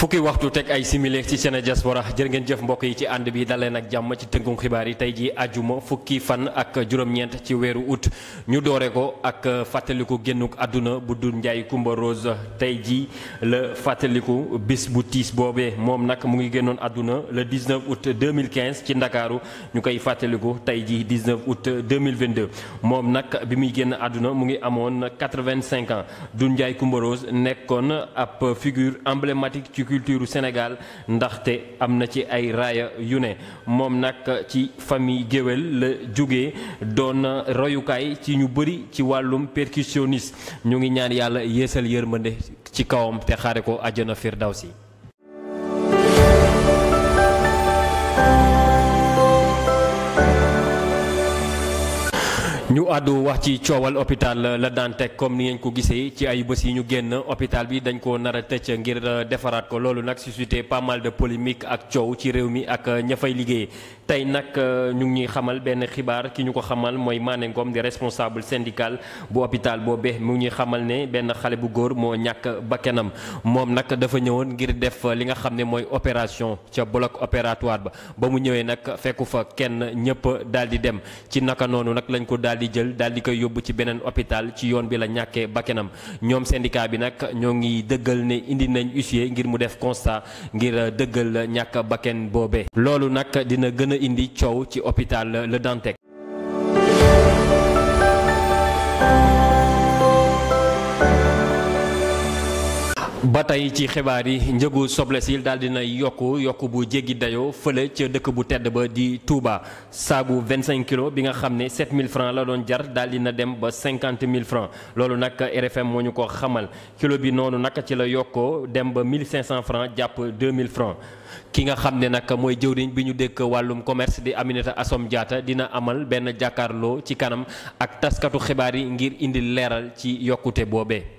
fukki waxtu tek ay simili ci Sene Diaspora jërë ngeen jëf mbokk yi ci and bi daleen ak jam ci xibaar yi fukki fan ak jurom ñent ci wéru août ñu ko ak fateliku génnuk aduna. bu Doudou Ndiaye le Rose tey ji la fàttaliku bis bu mu ngi le 19 août 2015 ci ndakaaru ñukay fateliku 19 août 2022 mom nak bi mi génn aduna mu ngi 85 ans Doudou Ndiaye n'ekon Rose figure emblématique ci culture Sénégal ndaxte am na ci ay raaya yu ne moom nag ci famille géwél la jóge doon royukaay ci ñu bëri ci wàllum percussionniste ñu ngi ñaar yàlla yeesal yërmande ci kawam te xaare ko àjjana si ñu àddu wax ci coowal hôpital La Dantec comme ni ngeen ko gisee ci ay bés yi ñu génn hôpital bi dañ ko nar a tëcc ngir euh, defaraat ko loolu nag suscité pas mal de polémique ak coow ci réew mi ak euh, ña fay liggéey tey nag euh, ñu ngi ñuy xamal benn xibaar ki ñu ko xamal mooy Mané Ngom di responsable syndical bu hôpital boobee mu ngi ñuy xamal ne benn xale bu góor moo ñàkk bakkanam moom nag dafa ñëwoon ngir def li nga xam ne mooy opération ca bloc opératoire ba ba mu ñëwee nag fekku fa kenn ñëpp daal di dem di jël daal di koy yóbbu ci beneen hôpital ci yoon bi la ñàkkee bakkanam ñoom syndicat bi nag ñoo ngi dëggal ne indi nañ huissier ngir mu def constat ngir dëggal la ñàkk bakken boobe loolu nag dina gën a indi coow ci hôpital la Dantec tey ci xibaar yi njëgu soble si daal dina yokku yokk bu jéggi dayoo fële ca dëkk bu tedd ba di Touba saabu 25 kilos bi nga xam ne 7000 francs la doon jar daal dina dem ba 50000 francs loolu nag RFM moo ñu ko xamal kilo bi noonu nag ci la yokkoo dem ba 1500 francs jàpp 2000 francs ki nga xam ne nag mooy jëwriñ bi ñu dëkk wàllum commerce di Aminata Assome Diatta dina amal benn jàkkaarloo ci kanam ak taskatu xibaar yi ngir indi leeral ci yokkute boobee.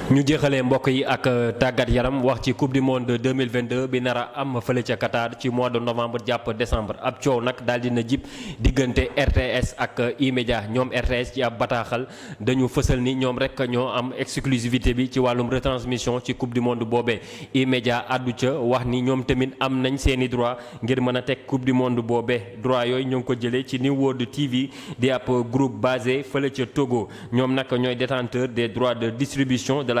ñu jéxalé mbokk yi ak euh, tagat yaram wax ci coupe du monde 2022 bi nara am feulé ci Qatar ci mois de novembre japp décembre ab ciow nak daal dina jip digënté RTS ak imedia euh, ñom RTS ci ab bataxal dañu fësal ni ñom rek ño am exclusivité bi ci walum retransmission ci coupe du monde bobé imedia addu ci wax ni ñom tamit am nañ seeni droit ngir mëna tek coupe du monde bobé droit yoy ñong ko jëlee ci New World TV di ab groupe basé feulé ci Togo ñom nak ñoy détenteur des droits de distribution de la